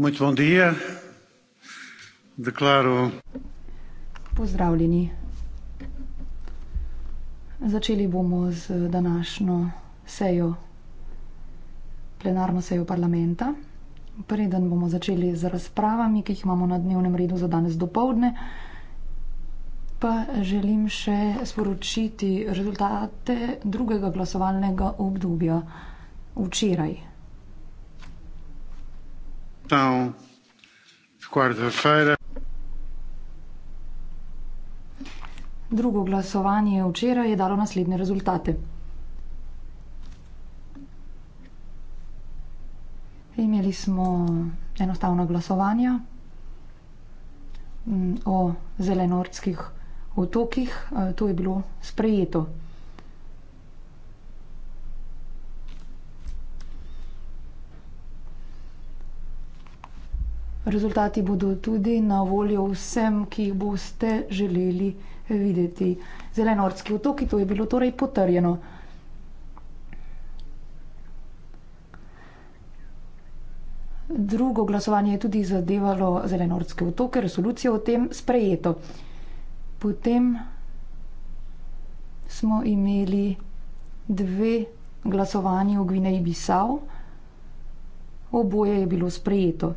Muito bom dia. Declaro. Pozdravljeni. Začeli bomo z današnjo sejo, plenarno sejo parlamenta. Preden bomo začeli z razpravami, ki jih imamo na dnevnem redu za danes dopoledne, pa želim še sporočiti rezultate drugega glasovalnega obdobja včeraj então quarta-feira. Drugo glasovanje včeraj je dalo naslednje rezultate. Imeli smo enostavno glasovanje mm, o zelenortskih otokih, eh, to je bilo sprejeto. Rezultati bodo tudi na voljo vsem, ki jih boste želeli videti. Zelenorski otoki, to je bilo torej potrjeno. Drugo glasovanje je tudi zadevalo Zelenorske otoke, resolucijo o tem sprejeto. Potem smo imeli dve glasovanje v Gvineji Bisav, oboje je bilo sprejeto.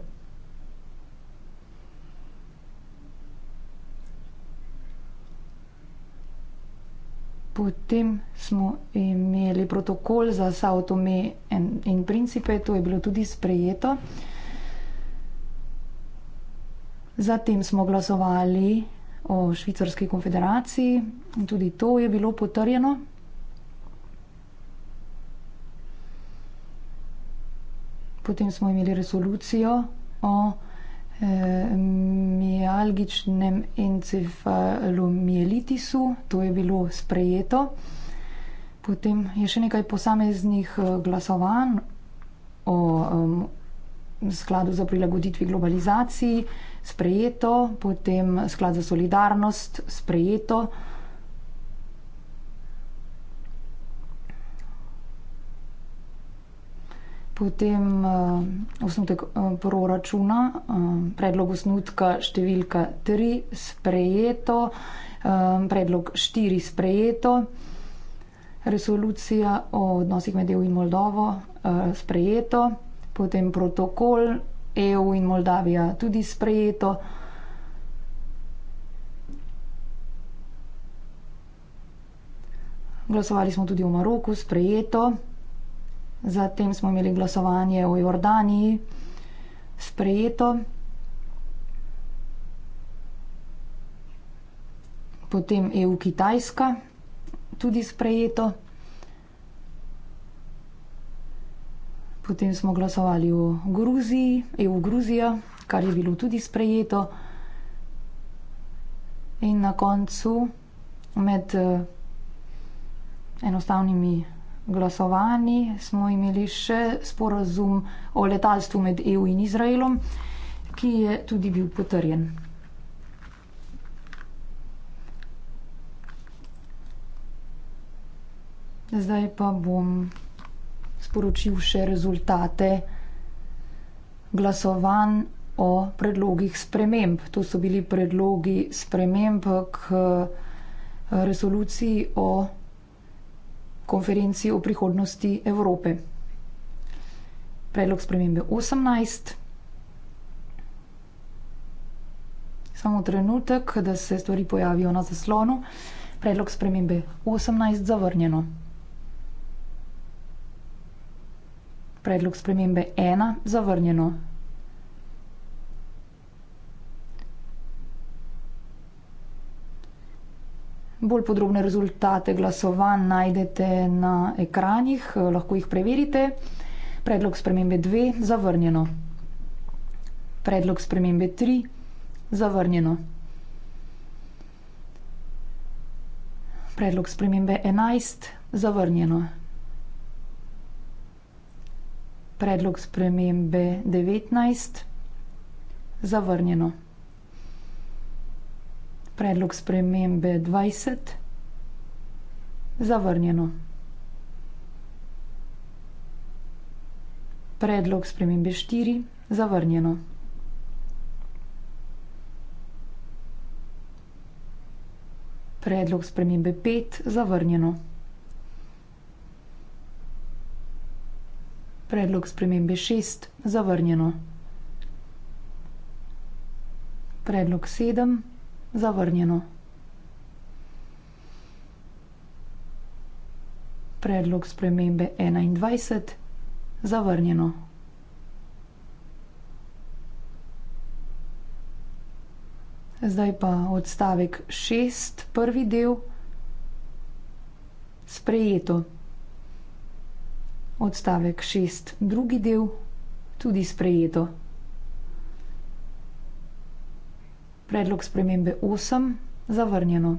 Potem smo imeli protokol za Sao Tome in Principe, to je bilo tudi sprejeto. Zatem smo glasovali o Švicarski konfederaciji in tudi to je bilo potrjeno. Potem smo imeli resolucijo o Švicarski konfederaciji mialgičnem encefalomielitisu. To je bilo sprejeto. Potem je še nekaj posameznih eh, glasovanj o um, skladu za prilagoditvi globalizaciji, sprejeto, potem sklad za solidarnost, sprejeto. potem uh, osnutek uh, proračuna, uh, predlog osnutka številka 3 sprejeto, uh, predlog 4 sprejeto, resolucija o odnosih med EU in Moldovo uh, sprejeto, potem protokol EU in Moldavija tudi sprejeto. Glasovali smo tudi v Maroku, sprejeto. Zatem smo imeli glasovanje o Jordaniji, sprejeto. Potem EU-Kitajska, tudi sprejeto. Potem smo glasovali o Gruziji, EU-Gruzija, kar je bilo tudi sprejeto. In na koncu med eh, enostavnimi glasovanji smo imeli še sporazum o letalstvu med EU in Izraelom, ki je tudi bil potrjen. Zdaj pa bom sporočil še rezultate glasovanj o predlogih sprememb. To so bili predlogi sprememb k eh, resoluciji o konferenci o prihodnosti Evrope. Predlog spremembe 18. Samo trenutek, da se stvari pojavijo na zaslonu. Predlog spremembe 18 zavrnjeno. Predlog spremembe 1 zavrnjeno. Bolj podrobne rezultate glasovanj najdete na ekranih, eh, lahko jih preverite. Predlog spremembe 2 zavrnjeno. Predlog spremembe 3 zavrnjeno. Predlog spremembe 11 zavrnjeno. Predlog spremembe 19 zavrnjeno. Predlog spremembe 20. Zavrnjeno. Predlog spremembe 4. Zavrnjeno. Predlog spremembe 5. Zavrnjeno. Predlog spremembe 6. Zavrnjeno. Predlog 7. Zavrnjeno zavrnjeno. Predlog spremembe 21 zavrnjeno. Zdaj pa odstavek 6, prvi del, sprejeto. Odstavek 6, drugi del, tudi sprejeto. Predlog spremembe 8 zavrnjeno.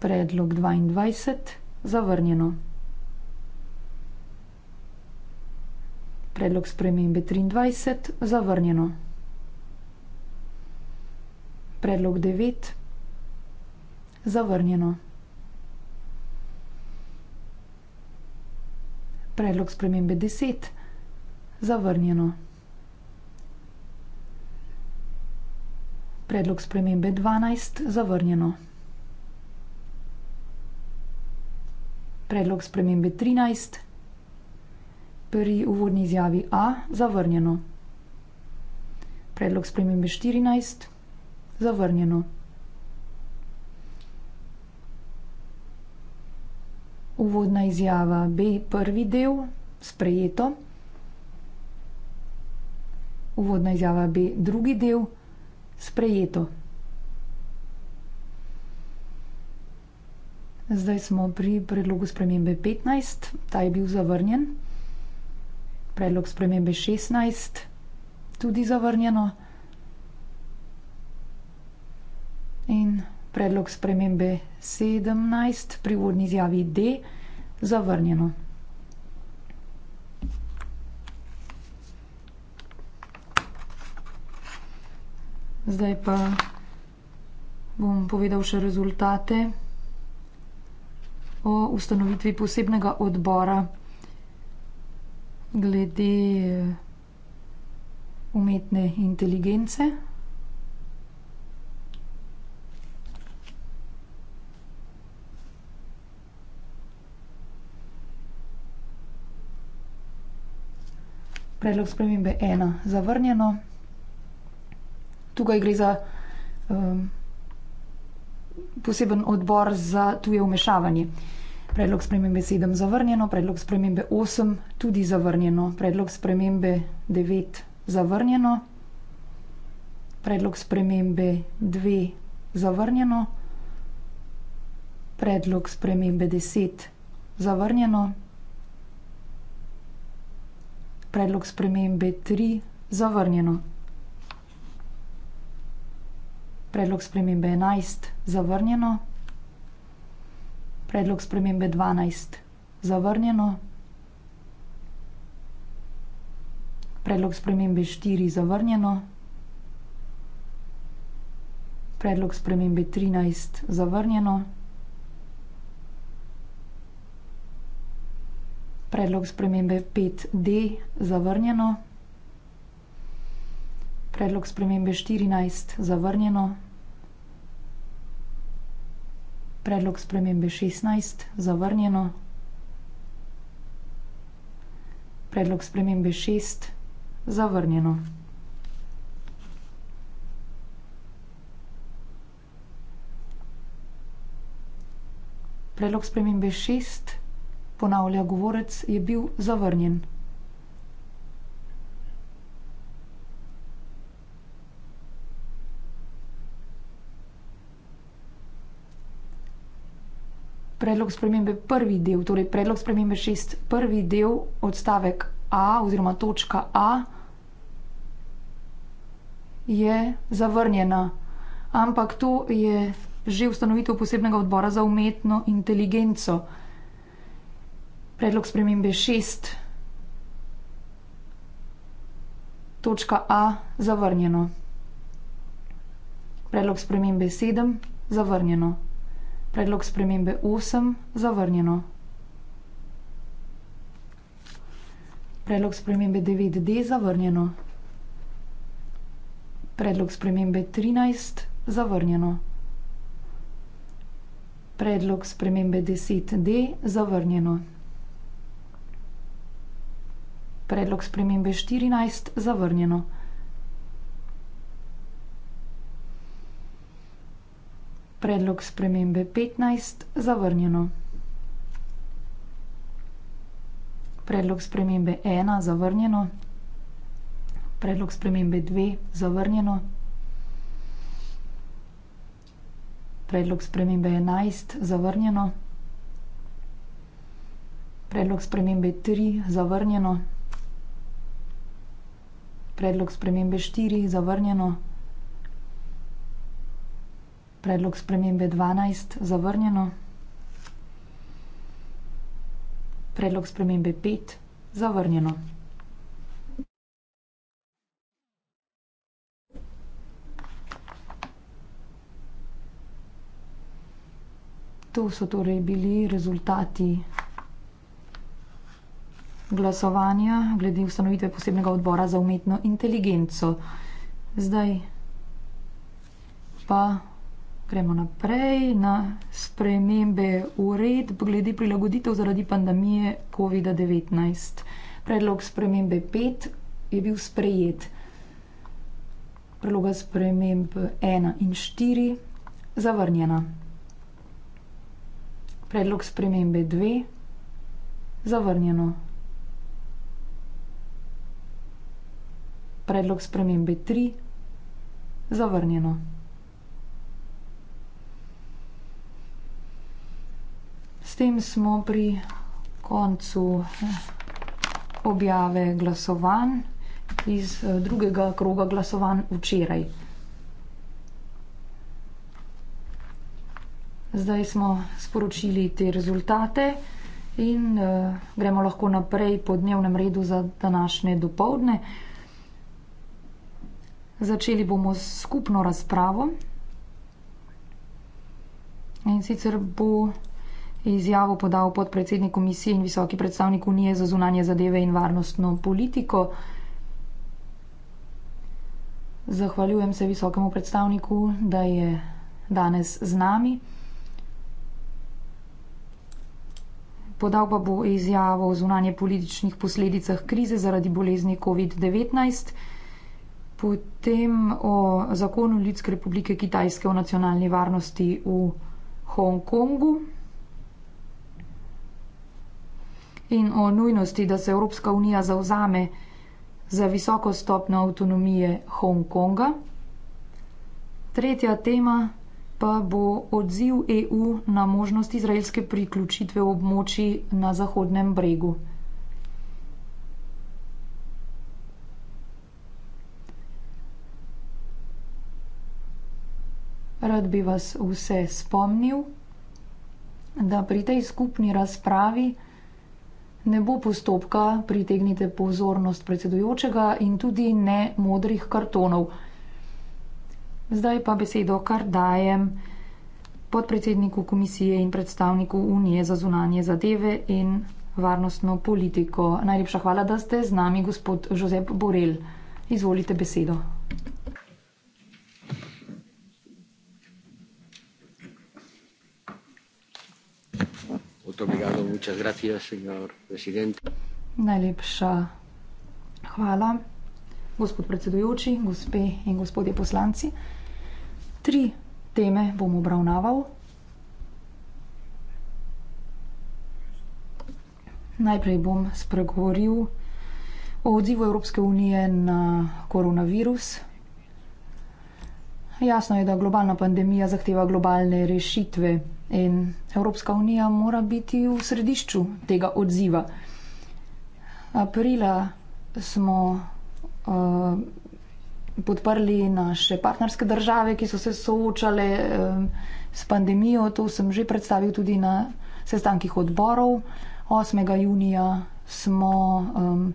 Predlog 22 zavrnjeno. Predlog spremembe 23 zavrnjeno. Predlog 9 zavrnjeno. Predlog spremembe 10 zavrnjeno. Predlog spremembe 12 zavrnjeno. Predlog spremembe 13 pri uvodni izjavi A zavrnjeno. Predlog spremembe 14 zavrnjeno. Uvodna izjava B prvi del sprejeto. Uvodna izjava B drugi del sprejeto sprejeto. Zdaj smo pri predlogu spremembe 15, ta je bil zavrnjen. Predlog spremembe 16, tudi zavrnjeno. In predlog spremembe 17, pri vodni izjavi D, zavrnjeno. Zdaj pa bom povedal še rezultate o ustanovitvi posebnega odbora glede eh, umetne inteligence. Predlog spremembe ena zavrnjeno tukaj gre za um, poseben odbor za tuje umešavanje. Predlog spremembe 7 zavrnjeno, predlog spremembe 8 tudi zavrnjeno, predlog spremembe 9 zavrnjeno, predlog spremembe 2 zavrnjeno, predlog spremembe 10 zavrnjeno, predlog spremembe 3 zavrnjeno predlog spremembe enajst zavrnjeno, predlog spremembe dvanajst zavrnjeno, predlog spremembe štiri zavrnjeno, predlog spremembe trinajst zavrnjeno, predlog spremembe pet D zavrnjeno, predlog spremembe štirinajst zavrnjeno. Predlog spremembe 16, zavrnjeno. Predlog spremembe 6, zavrnjeno. Predlog spremembe 6, ponavlja govorec, je bil zavrnjen. predlog spremembe prvi del, torej predlog spremembe šest prvi del odstavek A oziroma točka A je zavrnjena. Ampak to je že ustanovitev posebnega odbora za umetno inteligenco. Predlog spremembe šest točka A zavrnjeno. Predlog spremembe sedem zavrnjeno. Predlog spremembe 8 zavrnjeno. Predlog spremembe 9D zavrnjeno. Predlog spremembe 13 zavrnjeno. Predlog spremembe 10D zavrnjeno. Predlog spremembe 14 zavrnjeno. Predlog spremembe 15 zavrnjeno. Predlog spremembe 1 zavrnjeno. Predlog spremembe 2 zavrnjeno. Predlog spremembe 11 zavrnjeno. Predlog spremembe 3 zavrnjeno. Predlog spremembe 4 zavrnjeno predlog spremembe 12 zavrnjeno. Predlog spremembe 5 zavrnjeno. To so torej bili rezultati glasovanja glede ustanovitve posebnega odbora za umetno inteligenco. Zdaj pa Gremo naprej na spremembe uredb glede prilagoditev zaradi pandemije COVID-19. Predlog spremembe 5 je bil sprejet. Predloga sprememb 1 in 4 zavrnjena. Predlog spremembe 2 zavrnjeno. Predlog spremembe 3 zavrnjeno. tem smo pri koncu eh, objave glasovanj iz eh, drugega kroga glasovanj včeraj. Zdaj smo sporočili te rezultate in uh, gremo lahko naprej po dnevnem redu za današnje dopoldne. Začeli bomo s skupno razpravo in sicer bo izjavo podal podpredsednik komisije in visoki predstavnik Unije za zunanje zadeve in varnostno politiko. Zahvaljujem se visokemu predstavniku, da je danes z nami. Podal pa bo izjavo o zunanje političnih posledicah krize zaradi bolezni COVID-19, potem o zakonu Ljudske republike Kitajske o nacionalni varnosti v Hongkongu. in o nujnosti, da se Evropska unija zauzame za visoko stopno avtonomije Hongkonga. Tretja tema pa bo odziv EU na možnost izraelske priključitve v območji na Zahodnem bregu. Rad bi vas vse spomnil, da pri tej skupni razpravi ne bo postopka, pritegnite pozornost predsedujočega in tudi ne modrih kartonov. Zdaj pa besedo kar dajem podpredsedniku komisije in predstavniku Unije za zunanje zadeve in varnostno politiko. Najlepša hvala, da ste z nami, gospod Žozep Borel. Izvolite besedo. Najlepša hvala, gospod predsedujoči, gospe in gospodje poslanci. Tri teme bom obravnaval. Najprej bom spregovoril o odzivu Evropske unije na koronavirus, Jasno je, da globalna pandemija zahteva globalne rešitve in Evropska unija mora biti v središču tega odziva. Aprila smo uh, podprli naše partnerske države, ki so se soočale uh, s pandemijo. To sem že predstavil tudi na sestankih odborov. 8. junija smo. Um,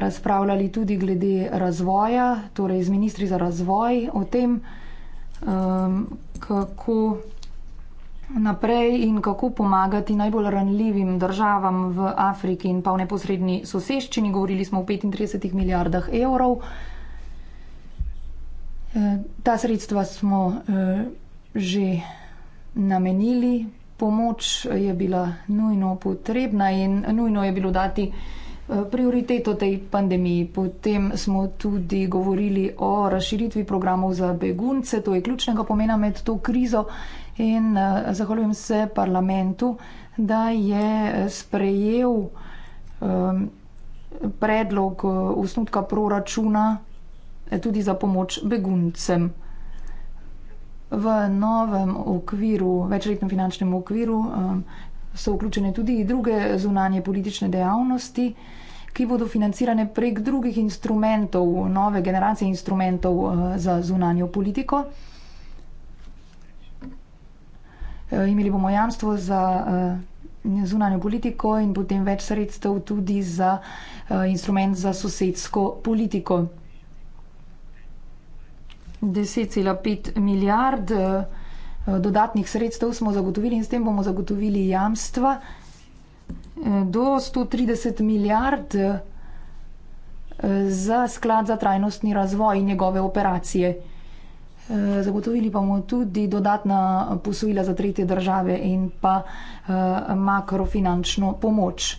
razpravljali tudi glede razvoja, torej z ministri za razvoj, o tem, um, kako naprej in kako pomagati najbolj ranljivim državam v Afriki in pa v neposrednji soseščini. Govorili smo o 35 milijardah evrov. Eh, ta sredstva smo eh, že namenili, pomoč je bila nujno potrebna in nujno je bilo dati prioriteto tej pandemiji. Potem smo tudi govorili o razširitvi programov za begunce, to je ključnega pomena med to krizo in eh, zahvaljujem se parlamentu, da je eh, sprejel ehm, predlog usnutka eh, proračuna tudi za pomoč beguncem. V novem okviru, večletnem finančnem okviru, ehm, so vključene tudi druge zunanje politične dejavnosti ki bodo financirane prek drugih instrumentov, nove generacije instrumentov eh, za zunanjo politiko. Eh, imeli bomo jamstvo za eh, zunanjo politiko in potem več sredstev tudi za instrument za sosedsko politiko. 10,5 milijard dodatnih sredstev smo zagotovili in s tem bomo zagotovili jamstva do 130 milijard eh, za sklad za trajnostni razvoj in njegove operacije. Eh, zagotovili pa bomo tudi dodatna posojila za tretje države in pa eh, makrofinančno pomoč.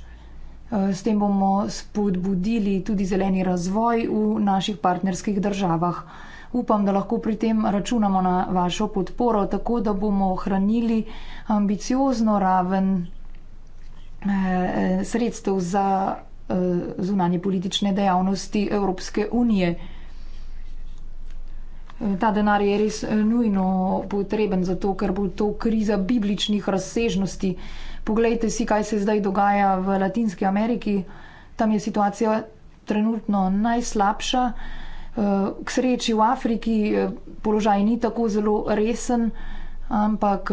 S tem bomo spodbudili tudi zeleni razvoj v naših partnerskih državah. Upam, da lahko pri tem računamo na vašo podporo, tako da bomo ohranili ambiciozno raven Eh, sredstev za eh, zunanje politične dejavnosti Evropske unije. Eh, ta denar je res nujno potreben, zato ker bo to kriza bibličnih razsežnosti. Poglejte si, kaj se zdaj dogaja v Latinski Ameriki. Tam je situacija trenutno najslabša. K sreči v Afriki položaj ni tako zelo resen, ampak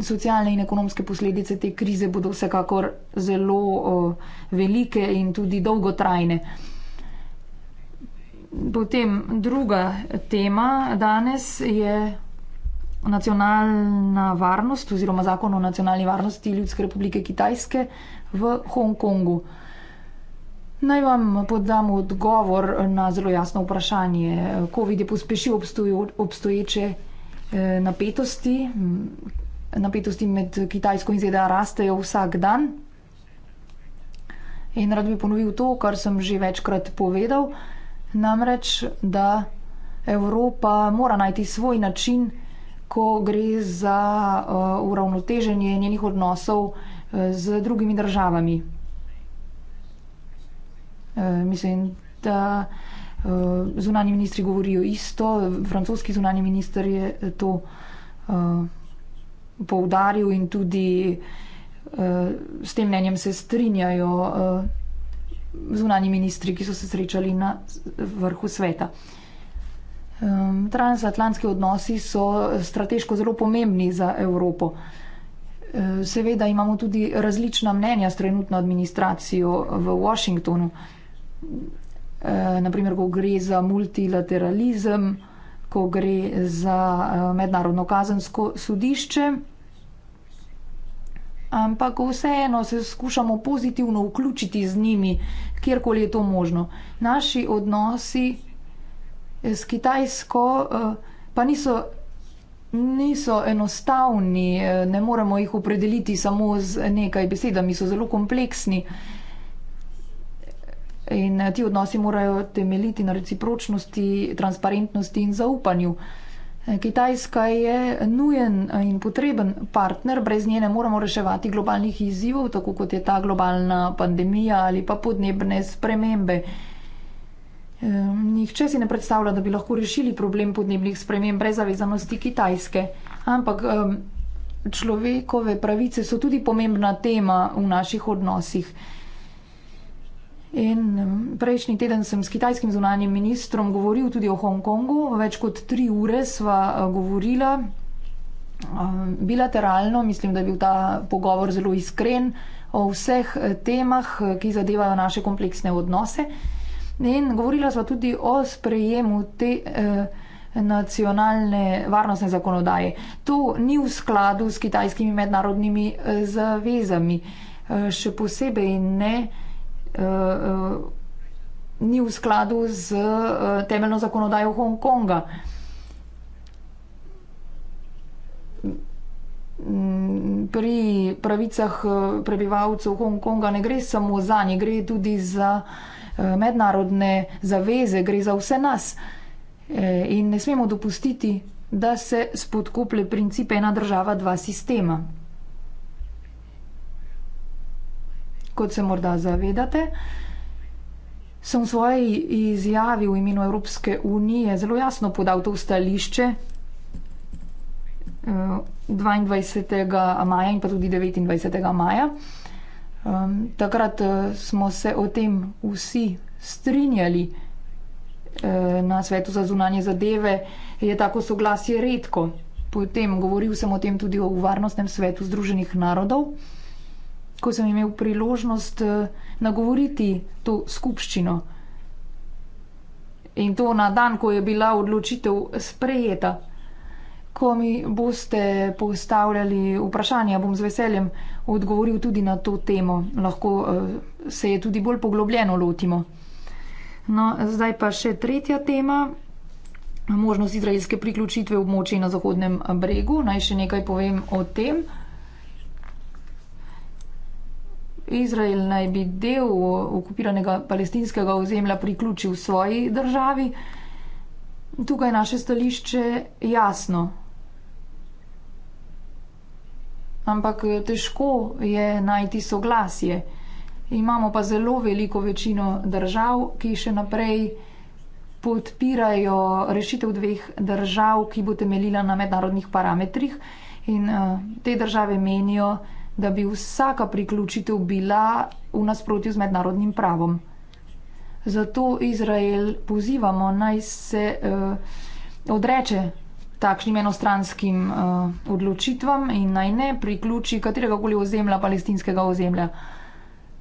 socialne in ekonomske posledice te krize bodo vsekakor zelo uh, velike in tudi dolgotrajne. Potem druga tema danes je nacionalna varnost oziroma zakon o nacionalni varnosti Ljudske republike Kitajske v Hongkongu. Naj vam podam odgovor na zelo jasno vprašanje. COVID je pospešil obstoječe e, napetosti, napetosti med Kitajsko in ZDA rastejo vsak dan. In rad bi ponovil to, kar sem že večkrat povedal, namreč, da Evropa mora najti svoj način, ko gre za uh, uravnoteženje njenih odnosov uh, z drugimi državami. Uh, mislim, da uh, zunani ministri govorijo isto, francoski zunani minister je to. Uh, poudaril in tudi eh, s tem mnenjem se strinjajo eh, zunani ministri, ki so se srečali na vrhu sveta. Ehm, transatlantski odnosi so strateško zelo pomembni za Evropo. Eh, seveda imamo tudi različna mnenja s trenutno administracijo v Washingtonu. Naprimer, ko gre za multilateralizem, ko gre za eh, mednarodno kazensko sodišče. Ampak vseeno se skušamo pozitivno vključiti z njimi, kjerkoli je to možno. Naši odnosi s Kitajsko eh, pa niso, niso enostavni, eh, ne moremo jih opredeliti samo z nekaj besedami, so zelo kompleksni. In eh, ti odnosi morajo temeljiti na recipročnosti, transparentnosti in zaupanju. Eh, Kitajska je nujen eh, in potreben partner, brez nje ne moramo reševati globalnih izzivov, tako kot je ta globalna pandemija ali pa podnebne spremembe. Nihče si ne predstavlja, da bi lahko rešili problem podnebnih sprememb brez zavezanosti Kitajske. Ampak človekove pravice so tudi pomembna tema v naših odnosih. In prejšnji teden sem s kitajskim zunanjim ministrom govoril tudi o Hongkongu, več kot tri ure sva eh, govorila eh, bilateralno, mislim, da je bil ta pogovor zelo iskren o vseh eh, temah, ki zadevajo naše kompleksne odnose. In govorila sva tudi o sprejemu te nacionalne varnostne zakonodaje. To ni v skladu s kitajskimi mednarodnimi zavezami, še posebej ne. Eh, eh, ni v skladu z eh, temeljno zakonodajo Hongkonga. Pri pravicah prebivalcev Hongkonga ne gre samo za njih, gre tudi za mednarodne zaveze, gre za vse nas. In ne smemo dopustiti, da se spodkople principe ena država, dva sistema. kot se morda zavedate. Sem v svoji izjavi v imenu Evropske unije zelo jasno podal to stališče 22. Eh, maja in pa tudi 29. maja. Takrat eh, smo se o tem vsi strinjali eh, na svetu za zunanje zadeve. Je tako soglasje redko. Potem govoril sem o tem tudi v Varnostnem svetu Združenih narodov ko sem imel priložnost eh, nagovoriti to skupščino. In to na dan, ko je bila odločitev sprejeta. Ko mi boste postavljali vprašanja, bom z veseljem odgovoril tudi na to temo. Lahko eh, se je tudi bolj poglobljeno lotimo. No, zdaj pa še tretja tema. Možnost izraelske priključitve območij na Zahodnem bregu. Naj še nekaj povem o tem. Izrael naj bi del okupiranega palestinskega ozemlja priključil svoji državi. Tukaj je naše stališče jasno. Ampak eh, težko je najti soglasje. Imamo pa zelo veliko večino držav, ki še naprej podpirajo rešitev dveh držav, ki bo temeljila na mednarodnih parametrih. In uh, te države menijo, da bi vsaka priključitev bila v nasprotju z mednarodnim pravom. Zato Izrael pozivamo naj se uh, odreče takšnim enostranskim uh, odločitvam in naj ne priključi katerega koli ozemlja, palestinskega ozemlja.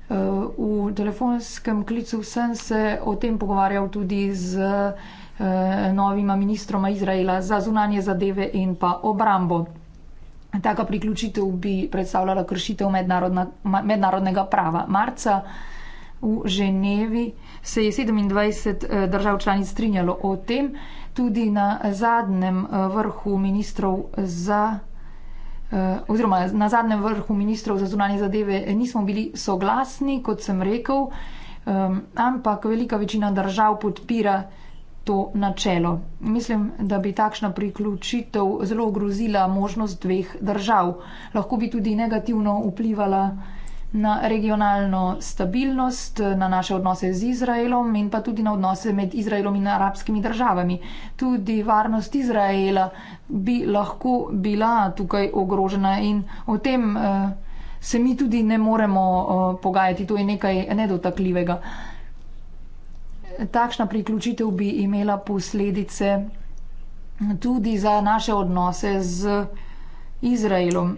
Uh, v telefonskem klicu sem se o tem pogovarjal tudi z uh, novima ministroma Izraela za zunanje zadeve in pa obrambo. Taka priključitev bi predstavljala kršitev mednarodnega prava. Marca v Ženevi se je 27 eh, držav članic strinjalo o tem, tudi na zadnjem eh, vrhu ministrov za eh, oziroma na zadnjem vrhu ministrov za zunanje zadeve nismo bili soglasni, kot sem rekel, ampak velika večina držav podpira to načelo. Mislim, da bi takšna priključitev zelo grozila možnost dveh držav. Lahko bi tudi negativno vplivala na regionalno stabilnost, na naše odnose z Izraelom in pa tudi na odnose med Izraelom in arabskimi državami. Tudi varnost Izraela bi lahko bila tukaj ogrožena in o tem eh, se mi tudi ne moremo eh, pogajati. To je nekaj nedotakljivega. Takšna priključitev bi imela posledice tudi za naše odnose z Izraelom.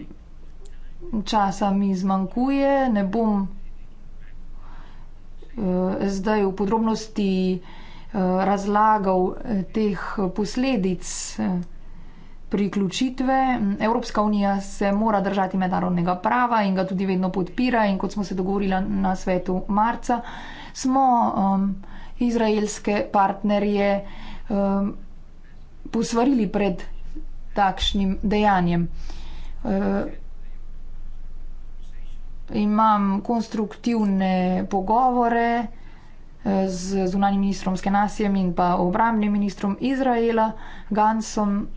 Časa mi zmanjkuje, ne bom eh, zdaj v podrobnosti eh, razlagal teh posledic eh, priključitve. Evropska unija se mora držati mednarodnega prava in ga tudi vedno podpira in kot smo se dogovorili na svetu marca, smo. Eh, izraelske partnerje um, posvarili pred takšnim dejanjem. Uh, imam konstruktivne pogovore uh, z zunanjim ministrom Skenasijem in pa obramnim ministrom Izraela Gansom.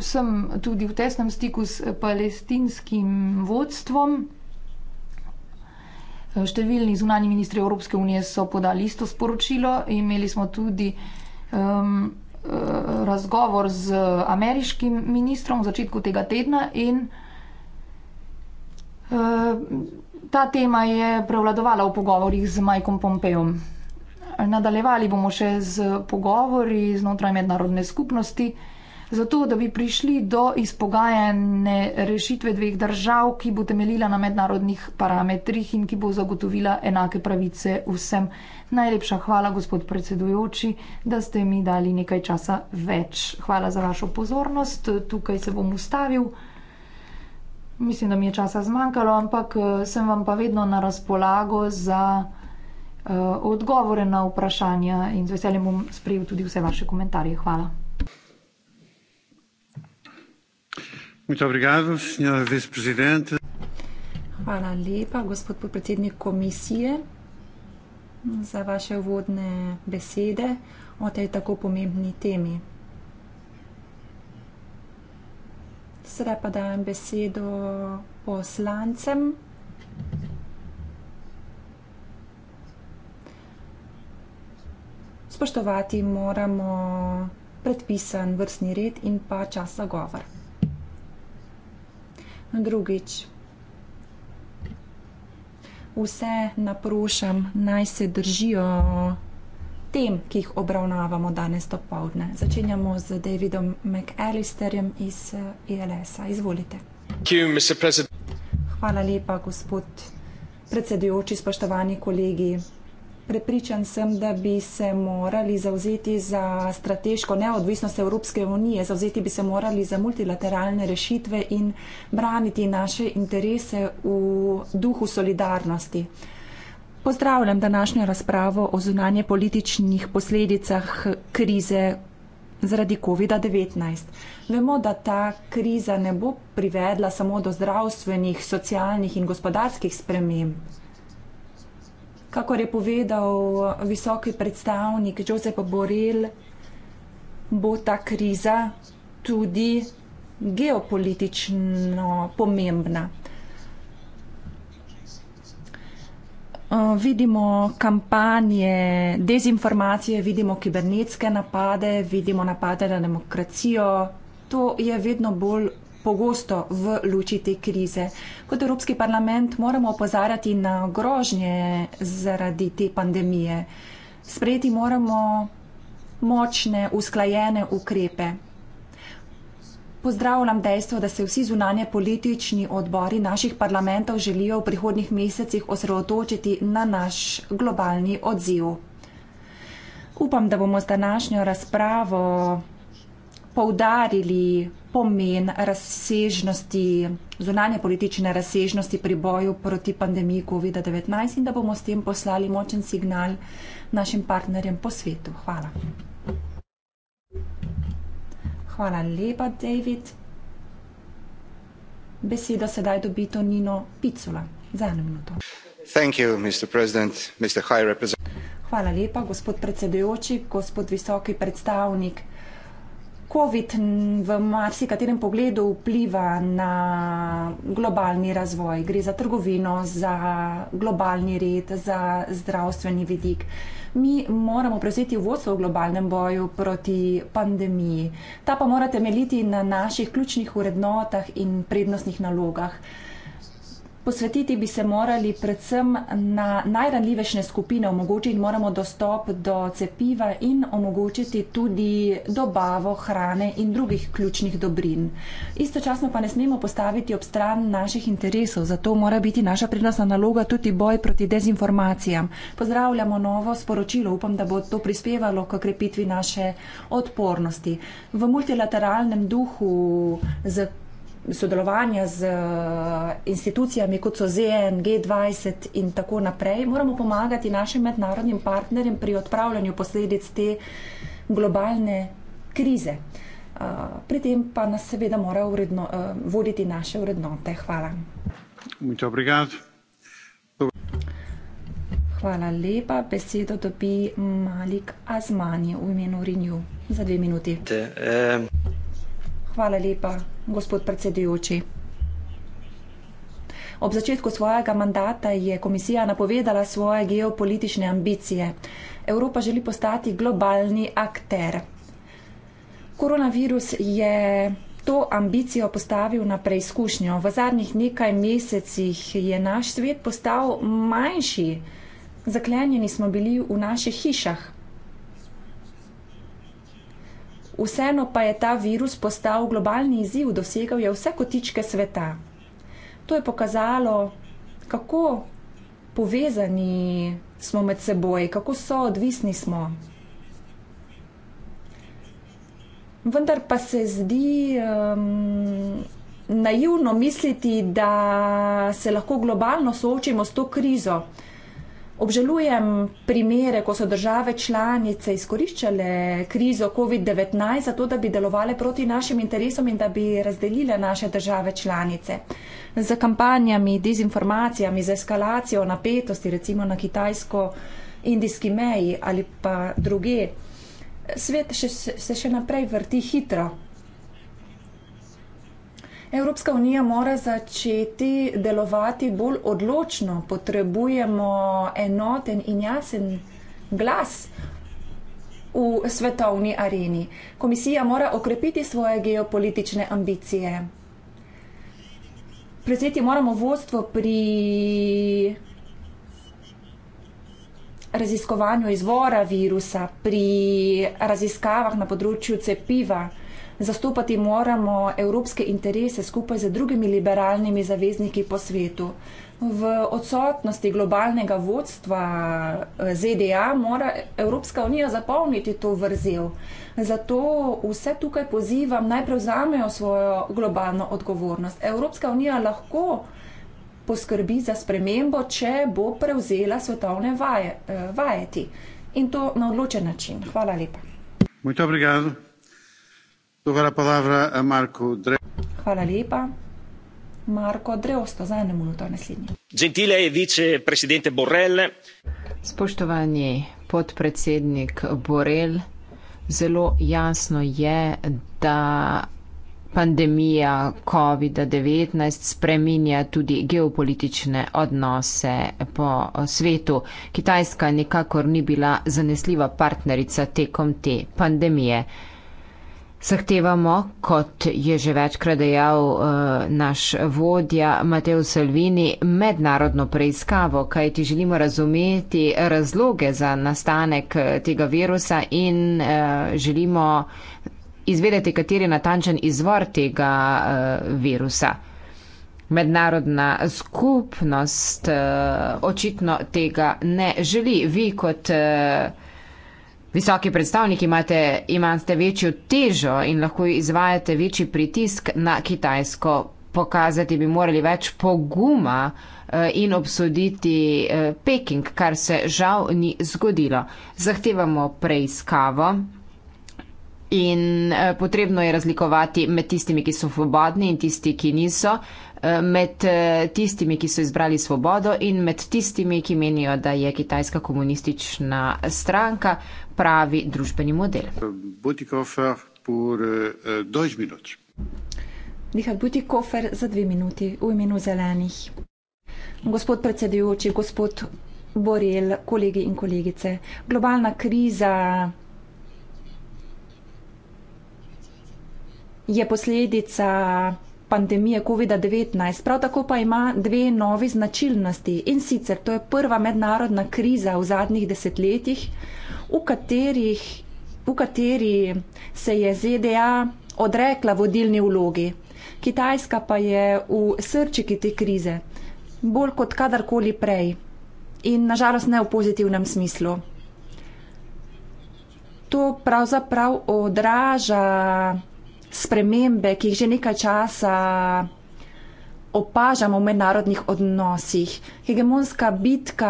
Sem tudi v tesnem stiku s palestinskim vodstvom. Eh, številni zunani ministri Evropske unije so podali isto sporočilo. Imeli smo tudi um, razgovor z ameriškim ministrom v začetku tega tedna in uh, ta tema je prevladovala v pogovorih z Majkom Pompejem. Nadaljevali bomo še z pogovori znotraj mednarodne skupnosti. Uh, zato, da bi prišli do izpogajane rešitve dveh držav, ki bo temeljila na mednarodnih parametrih in ki bo zagotovila enake pravice vsem. Najlepša hvala, gospod predsedujoči, da ste mi dali nekaj časa več. Hvala za vašo pozornost. Tukaj se bom ustavil. Mislim, da mi je časa zmanjkalo, ampak sem vam pa vedno na razpolago za uh, odgovore na vprašanja in z veseljem bom sprejel tudi vse vaše komentarje. Hvala. Hvala lepa, gospod podpredsednik komisije, za vaše uvodne besede o tej tako pomembni temi. Sedaj pa dajem besedo poslancem. Spoštovati moramo predpisan vrstni red in pa čas za govor drugič. Vse naprošam, naj se držijo tem, ki jih obravnavamo danes do povdne. Začenjamo z Davidom McAllisterjem iz ILS-a. Eh, e Izvolite. Hvala lepa, gospod predsedujoči, spoštovani kolegi prepričan sem, da bi se morali zauzeti za strateško neodvisnost Evropske unije, zauzeti bi se morali za multilateralne rešitve in braniti naše interese v duhu solidarnosti. Pozdravljam današnjo razpravo o zunanje političnih posledicah krize zaradi COVID-19. Vemo, da ta kriza ne bo privedla samo do zdravstvenih, socialnih in gospodarskih sprememb, kakor je povedal eh, visoki predstavnik Josep Borel, bo ta kriza tudi geopolitično pomembna. Eh, vidimo kampanje dezinformacije, vidimo kibernetske napade, vidimo napade na demokracijo. To je vedno bolj pogosto v luči te krize. Kot Evropski parlament moramo opozarjati na grožnje zaradi te pandemije. Sprejeti moramo močne, usklajene ukrepe. Pozdravljam dejstvo, da se vsi zunanje politični odbori naših parlamentov želijo v prihodnih mesecih osredotočiti na naš globalni odziv. Upam, da bomo z današnjo razpravo poudarili pomen razsežnosti, zunanje politične razsežnosti pri boju proti pandemiji COVID-19 in da bomo s tem poslali močen signal našim partnerjem po svetu. Hvala. Hvala lepa, David. Besedo sedaj dobi Tonino Picula za eno minuto. Thank you, Mr. President, Mr. High Representative. Hvala lepa, gospod predsedujoči, gospod visoki predstavnik. COVID v marsikaterem pogledu vpliva na globalni razvoj. Gre za trgovino, za globalni red, za zdravstveni vidik. Mi moramo prevzeti vodstvo v globalnem boju proti pandemiji. Ta pa mora temeljiti na naših ključnih urednotah in prednostnih nalogah. Posvetiti bi se morali predvsem na najranljivejše skupine, omogočiti moramo dostop do cepiva in omogočiti tudi dobavo hrane in drugih ključnih dobrin. Istočasno pa ne smemo postaviti ob stran naših interesov, zato mora biti naša prednostna naloga tudi boj proti dezinformacijam. Pozdravljamo novo sporočilo, upam, da bo to prispevalo k krepitvi naše odpornosti. V multilateralnem duhu z sodelovanja z eh, institucijami, kot so ZN, G20 in tako naprej, moramo pomagati našim mednarodnim partnerjem pri odpravljanju posledic te globalne krize. Eh, pri tem pa nas seveda mora uredno, eh, voditi naše urednote. Hvala. Hvala lepa. Besedo dobi Malik Azmani v imenu Renew za dve minuti. De, um... Hvala lepa, gospod predsedujoči. Ob začetku svojega mandata je komisija napovedala svoje geopolitične ambicije. Evropa želi postati globalni akter. Koronavirus je to ambicijo postavil na preizkušnjo. V zadnjih nekaj mesecih je naš svet postal manjši. Zaklenjeni smo bili v naših hišah. Vseeno pa je ta virus postal globalni izziv, dosegal je vse kotičke sveta. To je pokazalo, kako povezani smo med seboj, kako soodvisni smo. Vendar pa se zdi um, naivno misliti, da se lahko globalno soočimo s to krizo. Uh, Obžalujem primere, ko so države članice izkoriščale krizo COVID-19 za to, da bi delovali proti našim interesom in da bi razdelile naše države članice. Za kampanjami, dezinformacijami, za eskalacijo napetosti, recimo na kitajsko-indijski meji ali pa druge, svet še, se še naprej vrti hitro. Evropska unija mora začeti delovati bolj odločno. Potrebujemo enoten in jasen glas v svetovni areni. Komisija mora okrepiti svoje geopolitične ambicije. Prezeti moramo vodstvo pri raziskovanju izvora virusa, pri raziskavah na področju cepiva zastopati moramo evropske interese skupaj z drugimi liberalnimi zavezniki po svetu. V odsotnosti globalnega vodstva eh, ZDA mora Evropska unija zapolniti to vrzel. Zato vse tukaj pozivam, naj prevzamejo svojo globalno odgovornost. Evropska unija lahko poskrbi za spremembo, če bo prevzela svetovne vaje, eh, vajeti. In to na odločen način. Hvala lepa. Muito obrigado. Hvala lepa. Marko Drev, sta za eno minuto naslednji. Gentile viceprezidente Borrell. Spoštovani podpredsednik Borrell, zelo jasno je, da pandemija COVID-19 spreminja tudi geopolitične odnose po svetu. Kitajska nikakor ni bila zanesljiva partnerica tekom te pandemije. Zahtevamo, kot je že večkrat dejal eh, naš vodja Mateo Salvini, mednarodno preiskavo, kaj ti želimo razumeti razloge za nastanek eh, tega virusa in eh, želimo izvedeti, kater je natančen izvor tega virusa. Mednarodna skupnost očitno tega ne želi. Vi kot Visoki predstavniki imate, imate večjo težo in lahko izvajate večji pritisk na Kitajsko. Pokazati bi morali več poguma eh, in obsoditi eh, Peking, kar se žal ni zgodilo. Zahtevamo preiskavo. In eh, potrebno je razlikovati med tistimi, ki so svobodni in tisti, ki niso, med tistimi, ki so izbrali svobodo in med tistimi, ki menijo, da je kitajska komunistična stranka pravi družbeni model. Eh, eh, Dihal Butikofer za dve minuti v imenu zelenih. Gospod predsedujoči, gospod Borel, kolegi in kolegice, globalna kriza je posledica pandemije COVID-19, prav tako pa ima dve novi značilnosti in sicer to je prva mednarodna kriza v zadnjih desetletjih, v, katerih, v kateri se je ZDA odrekla vodilni vlogi. Kitajska pa je v srčiki te krize, bolj kot kadarkoli prej in nažalost ne v pozitivnem smislu. To pravzaprav odraža spremembe, ki jih že nekaj časa opažamo v mednarodnih odnosih. Hegemonska bitka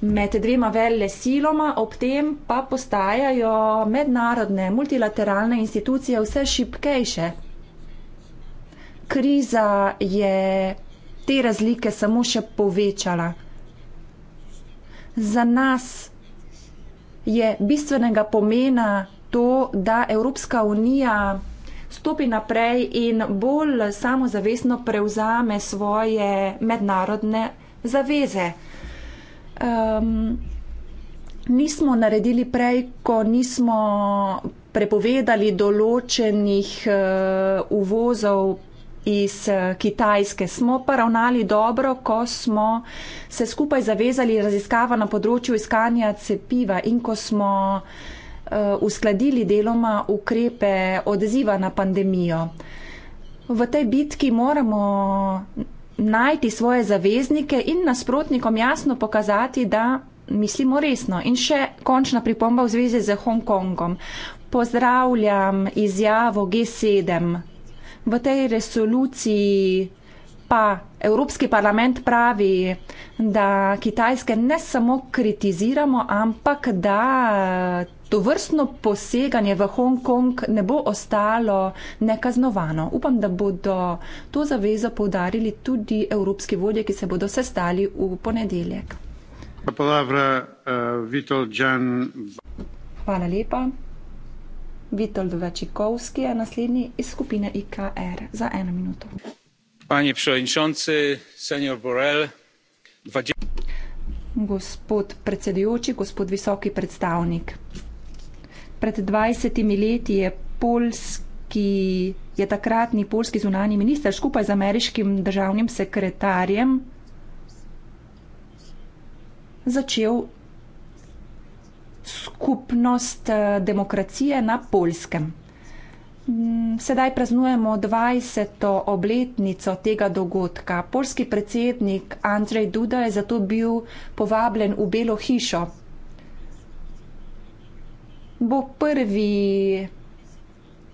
med dvema vele siloma, ob tem pa postajajo mednarodne multilateralne institucije vse šipkejše. Kriza je te razlike samo še povečala. Za nas je bistvenega pomena to, da Evropska unija stopi naprej in bolj samozavestno prevzame svoje mednarodne zaveze um, nismo naredili prej, ko nismo prepovedali določenih uh, uvozov iz eh, Kitajske. Smo pa ravnali dobro, ko smo se skupaj zavezali raziskava na področju iskanja cepiva in ko smo eh, uskladili deloma ukrepe odziva na pandemijo. V tej bitki moramo najti svoje zaveznike in nasprotnikom jasno pokazati, da mislimo resno. In še končna pripomba v zvezi z Hongkongom. Pozdravljam izjavo G7. V tej resoluciji pa Evropski parlament pravi, da Kitajske ne samo kritiziramo, ampak da to vrstno poseganje v Hongkong ne bo ostalo nekaznovano. Upam, da bodo to zavezo povdarili tudi evropski vodje, ki se bodo sestali v ponedeljek. Eh, Hvala lepa. Vitold Večikovski je naslednji iz skupine IKR za eno minuto panie przewodniczący senior borrell gospod predsedujoči gospod visoki predstavnik pred dvajsetimi leti je poljski je takratni poljski zunani minister skupaj z ameriškim državnim sekretarjem začel skupnost eh, demokracije na poljskem Mm, sedaj praznujemo 20. obletnico tega dogodka. Polski predsednik Andrzej Duda je zato bil povabljen v Belo hišo. Bo prvi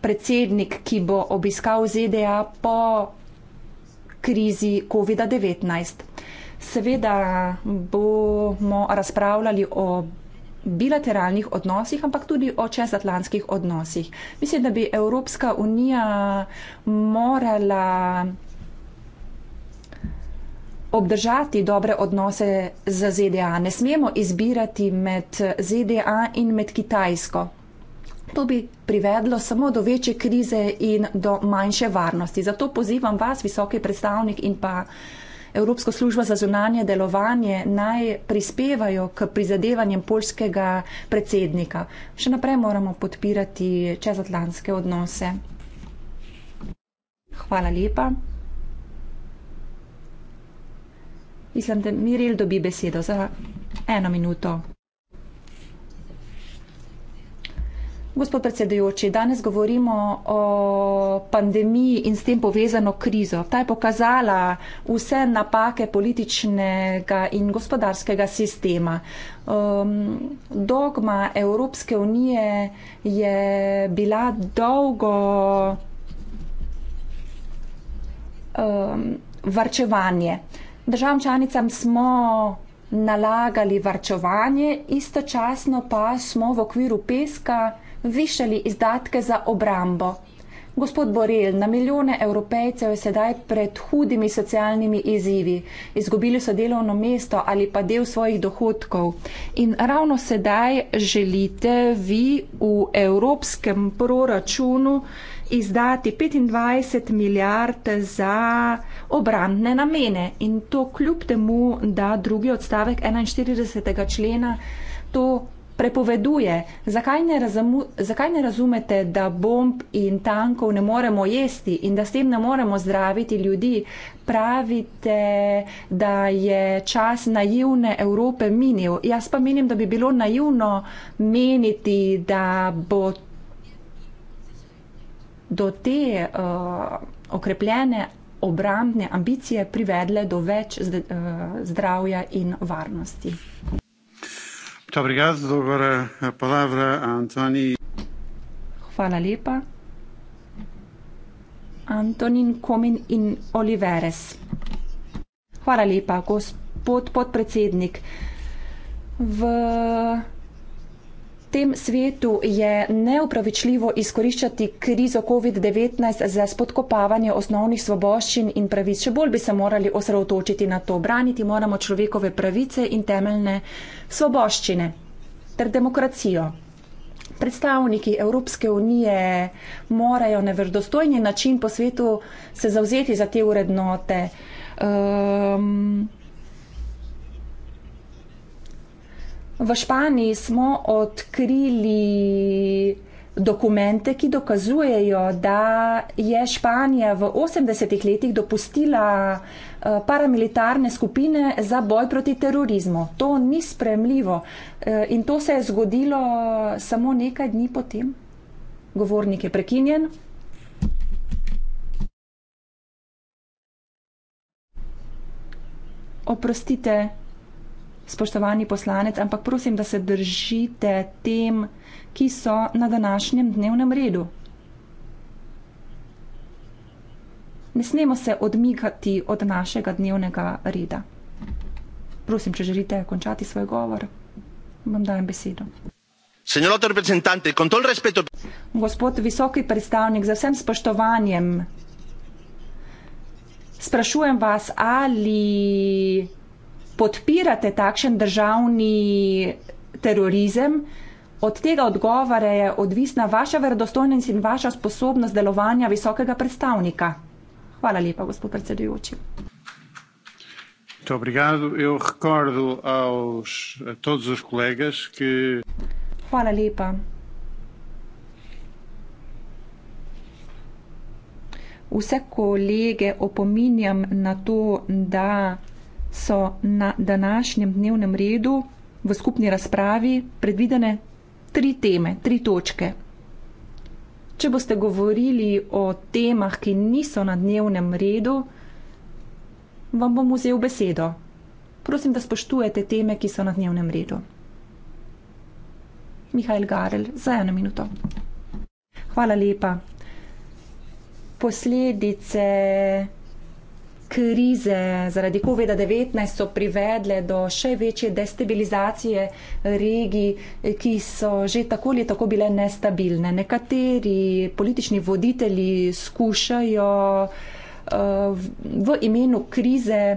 predsednik, ki bo obiskal ZDA po krizi COVID-19. Seveda bomo razpravljali o bilateralnih odnosih, ampak tudi o čezatlantskih odnosih. Mislim, da bi Evropska unija morala obdržati dobre odnose z ZDA. Ne smemo izbirati med ZDA in med Kitajsko. To bi privedlo samo do večje krize in do manjše varnosti. Zato pozivam vas, visoki predstavnik in pa. Evropsko službo za zunanje delovanje naj prispevajo k prizadevanjem polskega predsednika. Še naprej moramo podpirati čezatlantske odnose. Hvala lepa. Mislim, da Miril dobi besedo za eno minuto. Gospod predsedujoči, danes govorimo o pandemiji in s tem povezano krizo. Ta je pokazala vse napake političnega in gospodarskega sistema. Um, dogma Evropske unije je bila dolgo um, varčevanje. Državčanicam smo nalagali varčovanje, istočasno pa smo v okviru peska višali izdatke za obrambo. Gospod Borel, na milijone evropejcev je sedaj pred hudimi socialnimi izzivi. Izgubili so delovno mesto ali pa del svojih dohodkov. In ravno sedaj želite vi v evropskem proračunu izdati 25 milijard za obrambne namene in to kljub temu, da drugi odstavek 41. člena to prepoveduje. Zakaj ne, razumu, zakaj ne razumete, da bomb in tankov ne moremo jesti in da s tem ne moremo zdraviti ljudi? Pravite, da je čas naivne Evrope minil. Jaz pa menim, da bi bilo naivno meniti, da bo to do te uh, okrepljene obrambne ambicije privedle do več zd uh, eh, zdravja in varnosti. Hvala lepa. Antonin Komin in Oliveres. Hvala lepa, gospod podpredsednik. V tem svetu je neupravičljivo izkoriščati krizo COVID-19 za spodkopavanje osnovnih svoboščin in pravic. Še bolj bi se morali osredotočiti na to. Braniti moramo človekove pravice in temeljne svoboščine ter demokracijo. Predstavniki Evropske unije morajo na verodostojni način po svetu se zauzeti za te urednote. Um, ehm, V Španiji smo odkrili dokumente, ki dokazujejo, da je Španija v 80-ih letih dopustila eh, paramilitarne skupine za boj proti terorizmu. To ni spremljivo eh, in to se je zgodilo samo nekaj dni potem. Govornik je prekinjen. Oprostite spoštovani poslanec, ampak prosim, da se držite tem, ki so na današnjem dnevnem redu. Ne smemo se odmikati od našega dnevnega reda. Prosim, če želite končati svoj govor, vam dajem besedo. Gospod visoki predstavnik, za vsem spoštovanjem, sprašujem vas, ali podpirate takšen državni terorizem, od tega odgovora je odvisna vaša verodostojnost in vaša sposobnost delovanja visokega predstavnika. Hvala lepa, gospod predsedujoči. Hvala lepa. Vse kolege opominjam na to, da so na današnjem dnevnem redu v skupni razpravi predvidene tri teme, tri točke. Če boste govorili o temah, ki niso na dnevnem redu, vam bom vzel besedo. Prosim, da spoštujete teme, ki so na dnevnem redu. Mihajl Garel, za eno minuto. Hvala lepa. Posledice krize zaradi COVID-19 so privedle do še večje destabilizacije regij, ki so že tako ali tako bile nestabilne. Nekateri politični voditelji skušajo eh, v imenu krize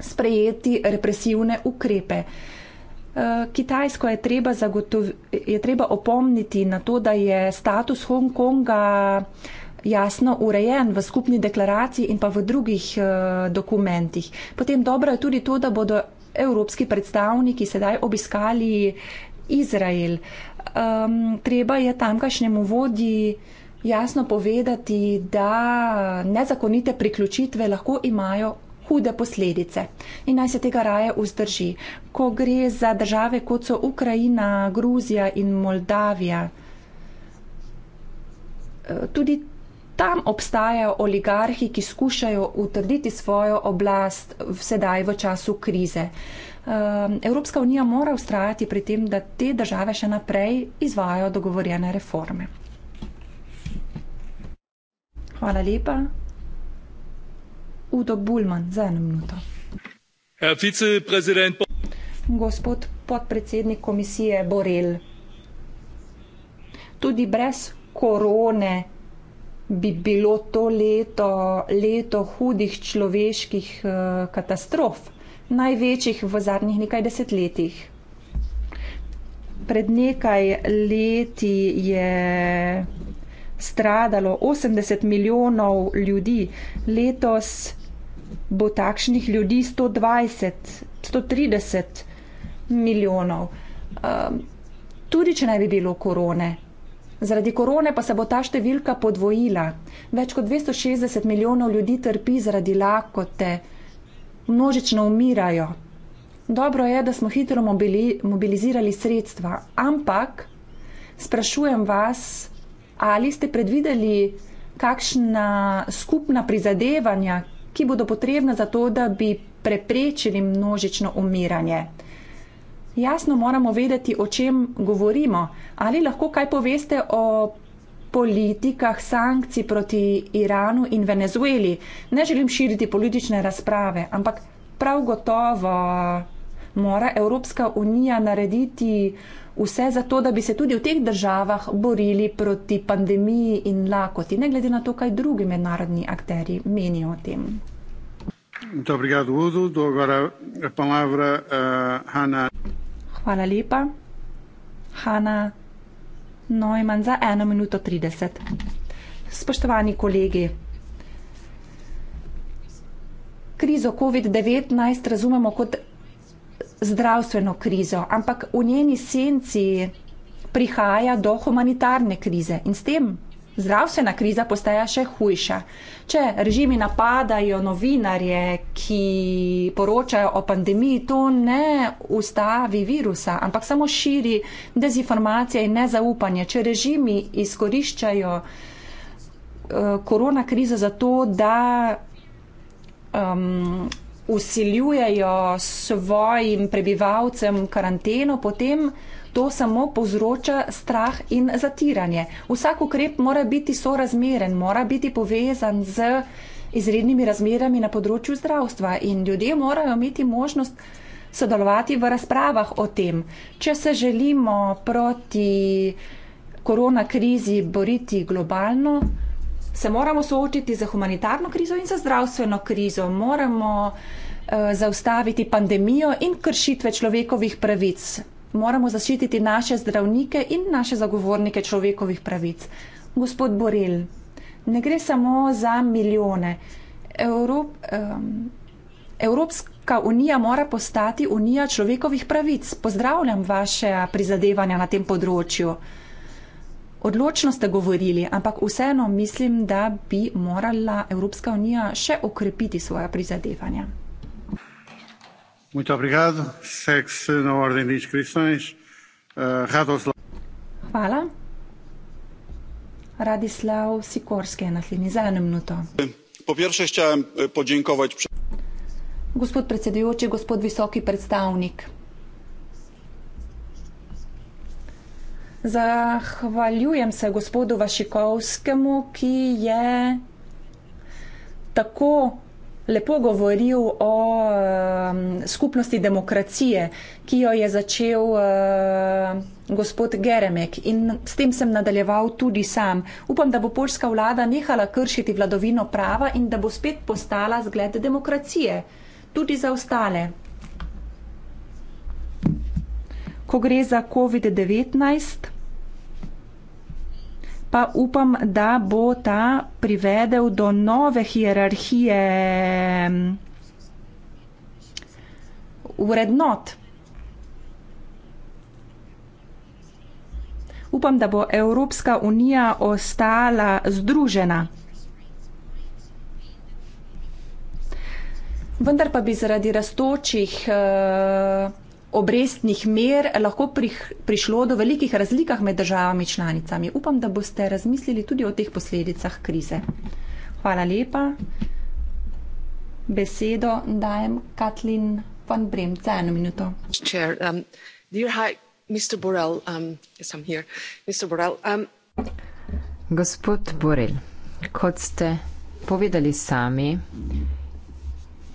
sprejeti represivne ukrepe. Eh, Kitajsko je treba, zagotovi, je treba opomniti na to, da je status Hongkonga jasno urejen v skupni deklaraciji in pa v drugih eh, dokumentih. Potem dobro je tudi to, da bodo evropski predstavniki sedaj obiskali Izrael. Um, treba je tamkajšnjemu vodji jasno povedati, da nezakonite priključitve lahko imajo hude posledice in naj se tega raje vzdrži. Ko gre za države, kot so Ukrajina, Gruzija in Moldavija, eh, tudi Tam obstajajo oligarhi, ki skušajo utrditi svojo oblast sedaj v času krize. Ehm, Evropska unija mora ustrajati pri tem, da te države še naprej izvajo dogovorjene reforme. Hvala lepa. Udo Bulman za eno minuto. Gospod podpredsednik komisije Borel. Tudi brez korone bi bilo to leto, leto hudih človeških eh, katastrof, največjih v zadnjih nekaj desetletjih. Pred nekaj leti je stradalo 80 milijonov ljudi, letos bo takšnih ljudi 120, 130 milijonov. Ehm, tudi, če ne bi bilo korone. Zaradi korone pa se bo ta številka podvojila. Več kot 260 milijonov ljudi trpi zaradi lakote, množično umirajo. Dobro je, da smo hitro mobilizirali sredstva, ampak sprašujem vas, ali ste predvideli kakšna skupna prizadevanja, ki bodo potrebna za to, da bi preprečili množično umiranje jasno moramo vedeti, o čem govorimo. Ali lahko kaj poveste o politikah sankcij proti Iranu in Venezueli? Ne želim širiti politične razprave, ampak prav gotovo mora Evropska unija narediti vse za to, da bi se tudi v teh državah borili proti pandemiji in lakoti, ne glede na to, kaj drugi mednarodni akteri menijo o tem. Muito obrigado, Udo. Dou agora a palavra a eh, Hannah. Hvala lepa. Hanna Neumann za 1 minuto 30. Spoštovani kolegi, krizo COVID-19 razumemo kot zdravstveno krizo, ampak v njeni senci prihaja do humanitarne krize in s tem zdravstvena kriza postaja še hujša. Če režimi napadajo novinarje, ki poročajo o pandemiji, to ne ustavi virusa, ampak samo širi dezinformacije in nezaupanje. Če režimi izkoriščajo eh, korona krizo za to, da um, usiljujejo svojim prebivalcem karanteno, potem to samo povzroča strah in zatiranje. Vsak ukrep mora biti sorazmeren, mora biti povezan z izrednimi razmerami na področju zdravstva in ljudje morajo imeti možnost sodelovati v razpravah o tem. Če se želimo proti korona krizi boriti globalno, se moramo soočiti za humanitarno krizo in za zdravstveno krizo. Moramo uh, zaustaviti pandemijo in kršitve človekovih pravic moramo zaščititi naše zdravnike in naše zagovornike človekovih pravic. Gospod Borel, ne gre samo za milijone. Evrop, um, Evropska unija mora postati unija človekovih pravic. Pozdravljam vaše prizadevanja na tem področju. Odločno ste govorili, ampak vseeno mislim, da bi morala Evropska unija še okrepiti svoja prizadevanja. Muito obrigado. Segue-se na ordem de inscrições. Uh, Radoslav. Fala. Radislav Sikorski, na za eno minuto. Po prvé, chciałem e, podziękować. Gospod predsedujoči, gospod visoki predstavnik. Zahvaljujem se gospodu Vašikovskemu, ki je tako lepo govoril o um, skupnosti demokracije, ki jo je začel uh, gospod Geremek in s tem sem nadaljeval tudi sam. Upam, da bo polska vlada nehala kršiti vladovino prava in da bo spet postala zgled demokracije, tudi za ostale. Ko gre za COVID-19, pa upam, da bo ta privedel do nove hierarhije urednot. Mm, upam, da bo Evropska unija ostala združena. Vendar pa bi zaradi raztočih uh, eh, obrestnih mer lahko prih, prišlo do velikih razlikah med državami članicami. Upam, da boste razmislili tudi o teh posledicah krize. Hvala lepa. Besedo dajem Katlin van Brem za eno minuto. Chair, um, dear high, Mr. Borel, um, yes, I'm here. Mr. Borel. Um... Gospod Borel, kot ste povedali sami,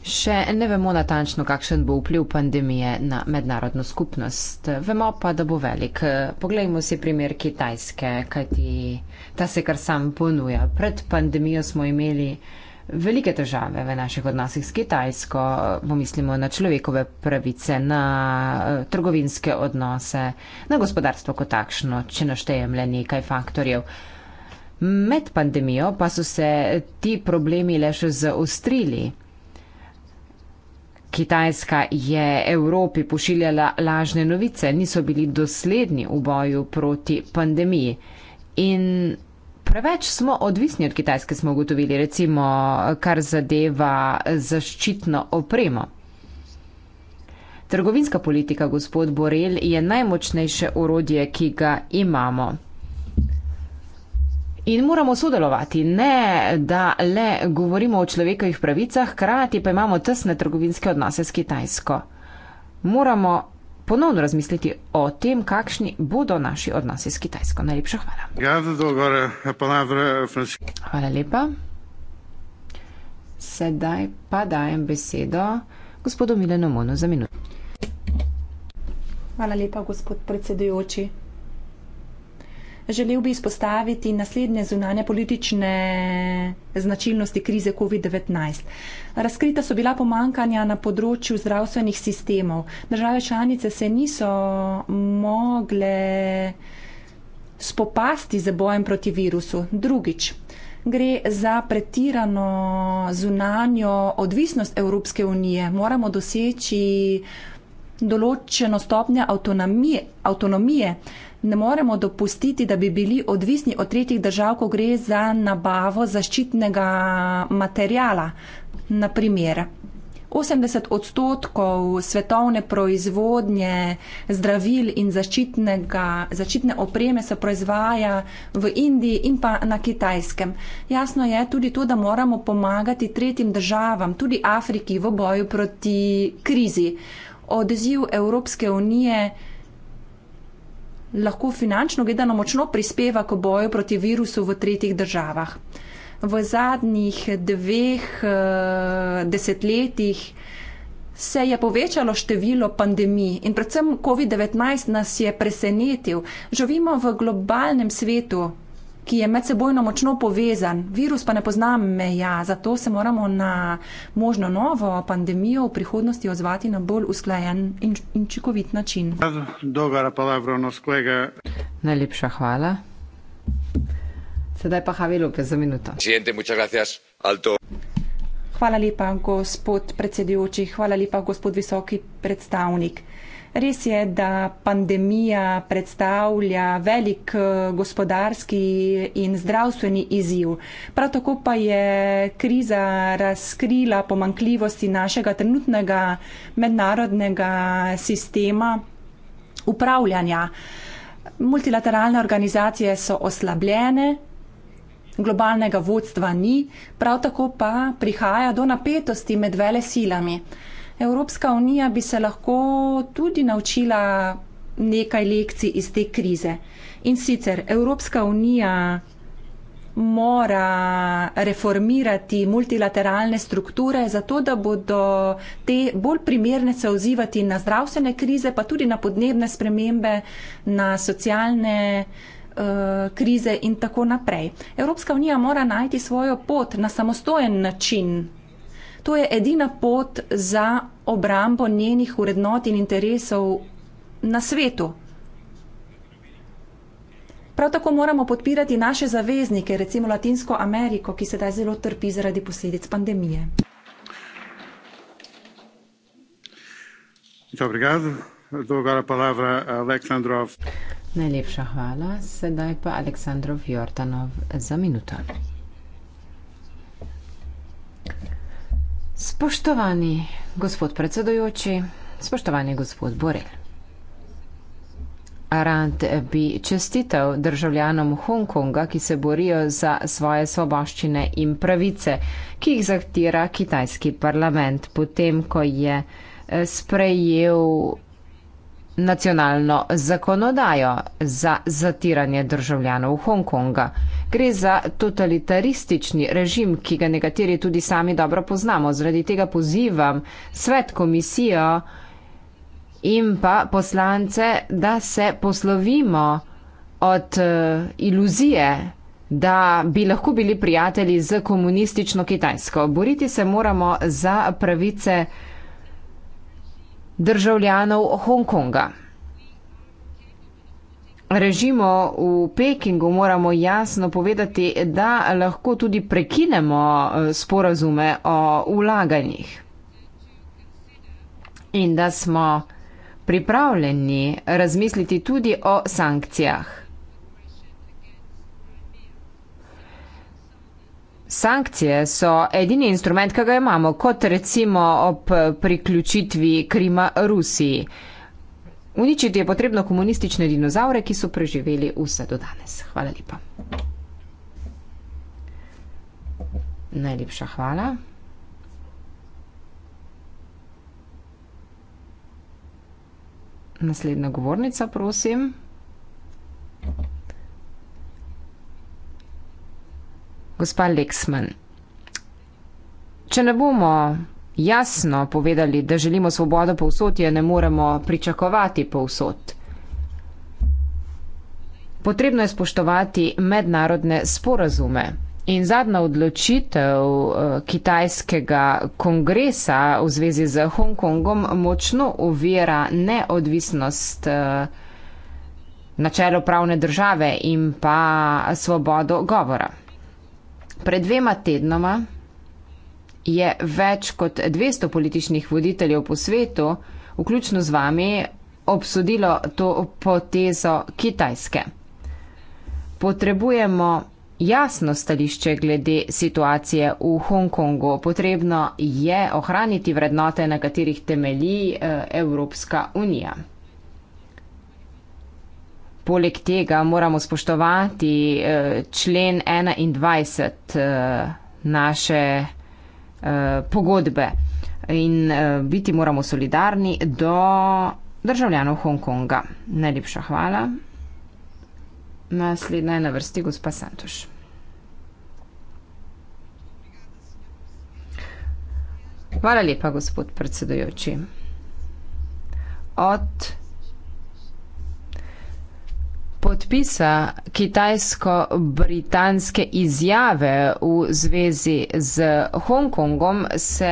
Še ne vemo natančno, kakšen bo vpliv pandemije na mednarodno skupnost. Vemo pa, da bo velik. Poglejmo si primer Kitajske, kajti ta se kar sam ponuja. Pred pandemijo smo imeli velike težave v naših odnosih s Kitajsko, pomislimo na človekove pravice, na eh, trgovinske odnose, na gospodarstvo kot takšno, če naštejem le nekaj faktorjev. Med pandemijo pa so se ti problemi le še zaostrili. Kitajska je Evropi pošiljala lažne novice, niso bili dosledni v boju proti pandemiji. In preveč smo odvisni od Kitajske, smo ugotovili, recimo, kar zadeva zaščitno opremo. Trgovinska politika, gospod Borel, je najmočnejše orodje, ki ga imamo. In moramo sodelovati, ne da le govorimo o človekovih pravicah, hkrati pa imamo tesne trgovinske odnose s Kitajsko. Moramo ponovno razmisliti o tem, kakšni bodo naši odnosi s Kitajsko. Najlepša hvala. Eh, hvala lepa. Sedaj pa dajem besedo gospodu Milenu Monu za minuto. Hvala lepa, gospod predsedujoči. Želel bi izpostaviti naslednje zunanje politične značilnosti krize COVID-19. Razkrita so bila pomankanja na področju zdravstvenih sistemov. Države članice se niso mogle spopasti z bojem proti virusu. Drugič, gre za pretirano zunanjo odvisnost Evropske unije. Moramo doseči določeno stopnje avtonomije. avtonomije ne moremo dopustiti, da bi bili odvisni od tretjih držav, ko gre za nabavo zaščitnega materijala. Naprimer, 80 odstotkov svetovne proizvodnje zdravil in zaščitne opreme se proizvaja v Indiji in pa na kitajskem. Jasno je tudi to, da moramo pomagati tretjim državam, tudi Afriki, v boju proti krizi. Odziv Evropske unije lahko finančno gledano močno prispeva k boju proti virusu v tretjih državah. V zadnjih dveh eh, desetletjih se je povečalo število pandemij in predvsem COVID-19 nas je presenetil. Živimo v globalnem svetu, ki je medsebojno močno povezan. Virus pa ne pozna meja, zato se moramo na možno novo pandemijo v prihodnosti odzvati na bolj usklajen in, in čikovit način. Najlepša hvala. Sedaj pa Havi Lopez za minuto. Siente, gracias, hvala lepa, gospod predsedujoči, hvala lepa, gospod visoki predstavnik. Res je, da pandemija predstavlja velik eh, gospodarski in zdravstveni izziv. Prav tako pa je kriza razkrila pomankljivosti našega trenutnega mednarodnega sistema upravljanja. Multilateralne organizacije so oslabljene, globalnega vodstva ni, prav tako pa prihaja do napetosti med vele silami. Evropska unija bi se lahko tudi naučila nekaj lekcij iz te krize. In sicer Evropska unija mora reformirati multilateralne strukture, zato da bodo te bolj primerne se ozivati na zdravstvene krize, pa tudi na podnebne spremembe, na socialne uh, krize in tako naprej. Evropska unija mora najti svojo pot na samostojen način To je edina pot za obrambo njenih urednot in interesov na svetu. Prav tako moramo podpirati naše zaveznike, recimo Latinsko Ameriko, ki sedaj zelo trpi zaradi posledic pandemije. Najlepša hvala. Sedaj pa Aleksandrov Jordanov za minuto. Spoštovani gospod predsedojoči, spoštovani gospod Borel. Arant bi čestitev državljanom Hongkonga, ki se borijo za svoje svoboščine in pravice, ki jih zahtira kitajski parlament, potem ko je eh, sprejel nacionalno zakonodajo za zatiranje državljanov Hongkonga. Gre za totalitaristični režim, ki ga nekateri tudi sami dobro poznamo. Zradi tega pozivam svet komisijo in pa poslance, da se poslovimo od eh, iluzije, da bi lahko bili prijatelji z komunistično Kitajsko. Boriti se moramo za pravice državljanov državljanov Hongkonga. Režimo v Pekingu moramo jasno povedati, da lahko tudi prekinemo eh, sporazume o ulaganjih in da smo pripravljeni razmisliti tudi o sankcijah. Sankcije so edini instrument, ki ga imamo, kot recimo ob priključitvi Krima Rusiji. Uničiti je potrebno komunistične dinozaure, ki so preživeli vse do danes. Hvala lepa. Najlepša hvala. Naslednja govornica, prosim. Thank you. gospa Lexman. Če ne bomo jasno povedali, da želimo svobodo povsod, je ne moremo pričakovati povsod. Potrebno je spoštovati mednarodne sporazume. In zadnja odločitev eh, kitajskega kongresa v zvezi z Hongkongom močno uvira neodvisnost eh, načelo pravne države in pa svobodo govora. Pred dvema tednoma je več kot 200 političnih voditeljev po svetu, vključno z vami, obsodilo to potezo Kitajske. Potrebujemo jasno stališče glede situacije v Hongkongu. Potrebno je ohraniti vrednote, na katerih temelji eh, Evropska unija. Poleg tega moramo spoštovati eh, člen 21 eh, naše eh, pogodbe in biti moramo solidarni do državljanov Hongkonga. Najlepša hvala. Naslednja je na vrsti gospa Santoš. Hvala lepa, gospod predsedujoči. Od podpisa kitajsko-britanske izjave v zvezi z Hongkongom, se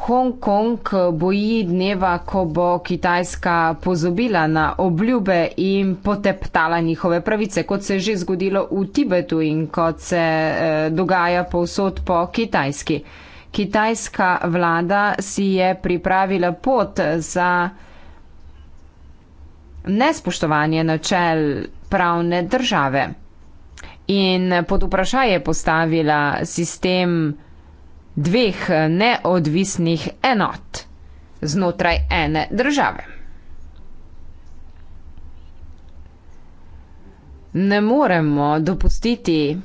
Hongkong boji dneva, ko bo Kitajska pozobila na obljube in poteptala njihove pravice, kot se je že zgodilo v Tibetu in kot se eh, dogaja povsod po Kitajski. Kitajska vlada si je pripravila pot za Hongkong nespoštovanje načel pravne države. In pod vprašaj je postavila sistem dveh neodvisnih enot znotraj ene države. Ne moremo dopustiti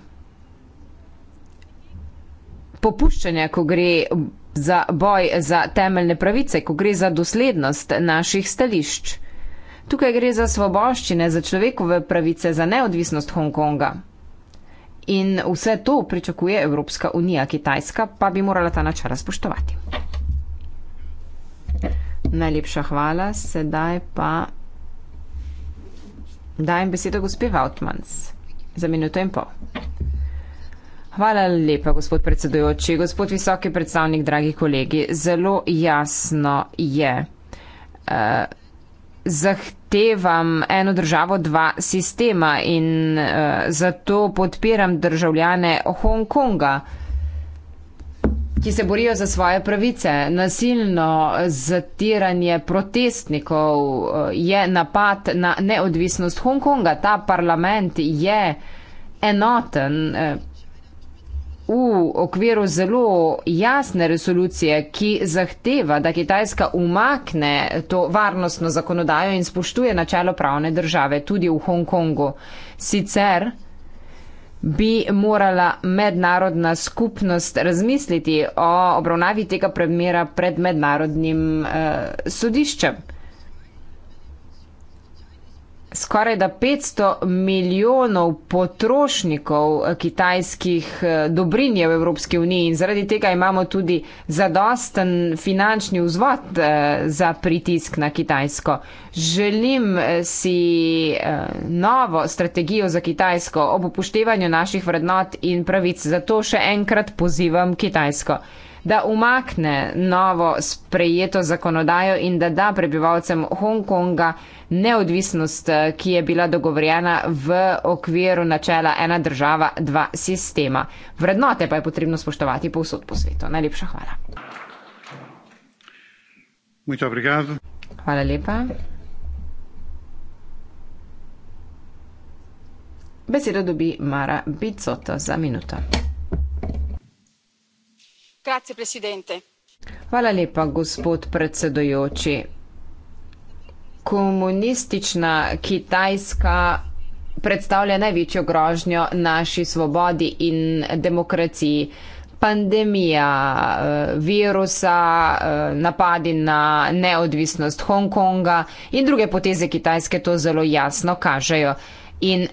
popuščanja, ko gre za boj za temeljne pravice, ko gre za doslednost naših stališč. Tukaj gre za svoboščine, za človekove pravice, za neodvisnost Hongkonga. In vse to pričakuje Evropska unija, Kitajska pa bi morala ta načela spoštovati. Najlepša hvala, sedaj pa dajem besedo gospe Vautmans za minuto in pol. Hvala lepa, gospod predsedujoči, gospod visoki predstavnik, dragi kolegi. Zelo jasno je. Uh, zahtevam eno državo, dva sistema in uh, zato podpiram državljane Hongkonga, ki se borijo za svoje pravice. Nasilno zatiranje protestnikov uh, je napad na neodvisnost Hongkonga. Ta parlament je enoten. Uh, v okviru zelo jasne resolucije, ki zahteva, da Kitajska umakne to varnostno zakonodajo in spoštuje načelo pravne države tudi v Hongkongu. Sicer bi morala mednarodna skupnost razmisliti o obravnavi tega premjera pred mednarodnim eh, sodiščem skoraj da 500 milijonov potrošnikov eh, kitajskih eh, dobrin je v Evropski uniji in zaradi tega imamo tudi zadosten finančni vzvod eh, za pritisk na Kitajsko. Želim si novo strategijo za Kitajsko ob upoštevanju naših vrednot in pravic, zato še enkrat pozivam Kitajsko da umakne novo sprejeto zakonodajo in da da prebivalcem Hongkonga neodvisnost, eh, ki je bila dogovorjena v okviru načela ena država, dva sistema. Vrednote pa je potrebno spoštovati povsod po svetu. Najlepša hvala. Hvala lepa. Besedo dobi Mara Bicoto za minuto. Hvala lepa, gospod predsedojoči komunistična Kitajska predstavlja največjo grožnjo naši svobodi in demokraciji. Pandemija, eh, virusa, eh, napadi na neodvisnost Hongkonga in druge poteze Kitajske to zelo jasno kažejo. In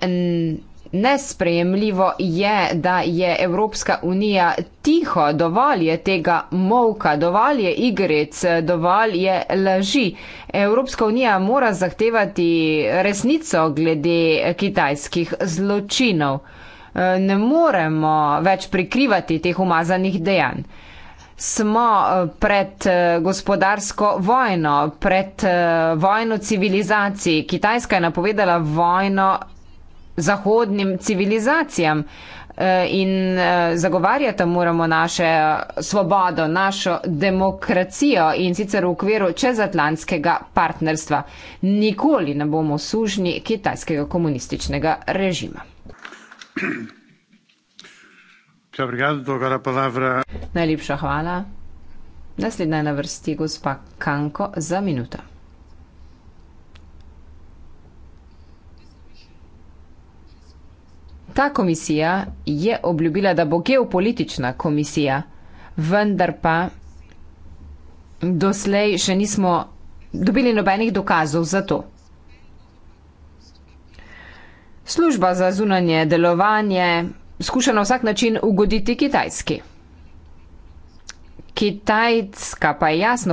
nesprejemljivo je, da je Evropska unija tiho, dovolj je tega molka, dovolj je igric, dovolj je laži. Evropska unija mora zahtevati resnico glede kitajskih zločinov. Ne moremo več prikrivati teh umazanih dejanj. Smo eh, pred eh, gospodarsko vojno, pred eh, vojno civilizacij. Kitajska je napovedala vojno zahodnim civilizacijam eh, in eh, zagovarjati moramo naše eh, svobodo, našo demokracijo in sicer v okviru čezatlantskega partnerstva. Nikoli ne bomo sužni kitajskega komunističnega režima. Najlepša hvala. Naslednja je na vrsti gospa Kanko za minuto. Ta komisija je obljubila, da bo geopolitična komisija, vendar pa doslej še nismo dobili nobenih dokazov za to. Služba za zunanje delovanje skuša na vsak način ugoditi Kitajski. Kitajska pa je jasno